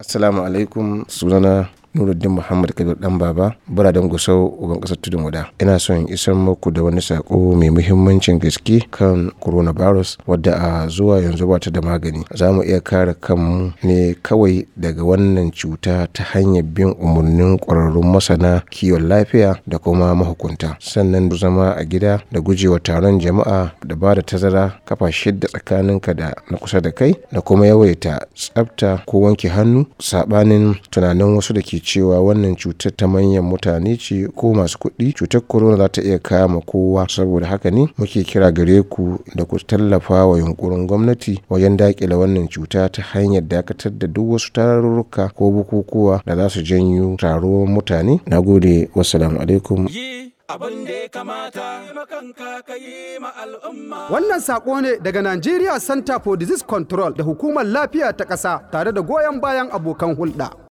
assalamu alaikum sunana nuruddin muhammad kabir dan baba don gusau uban kasar tudun wada ina son isan muku da wani sako mai muhimmancin gaske kan coronavirus wadda a zuwa yanzu ba ta da magani za mu iya kare kanmu ne kawai daga wannan cuta ta hanyar bin umarnin kwararrun masana kiwon lafiya da kuma mahukunta sannan zama a gida da gujewa taron jama'a da ba da tazara kafa shidda tsakaninka da na kusa da kai da kuma yawaita tsabta ko wanke hannu saɓanin tunanin wasu da ke cewa wannan cutar ta manyan mutane ce ko masu kuɗi cutar corona za ta iya kama kowa saboda haka ne muke kira gare ku da ku tallafa wa yunkurin gwamnati wajen daƙile wannan cuta ta hanyar dakatar da duk wasu tarurruka ko bukukuwa da za su janyo taruwar mutane na gode wassalamu alaikum Wannan saƙo ne daga Nigeria Center for Disease Control da Hukumar Lafiya ta ƙasa tare da goyon bayan abokan hulɗa.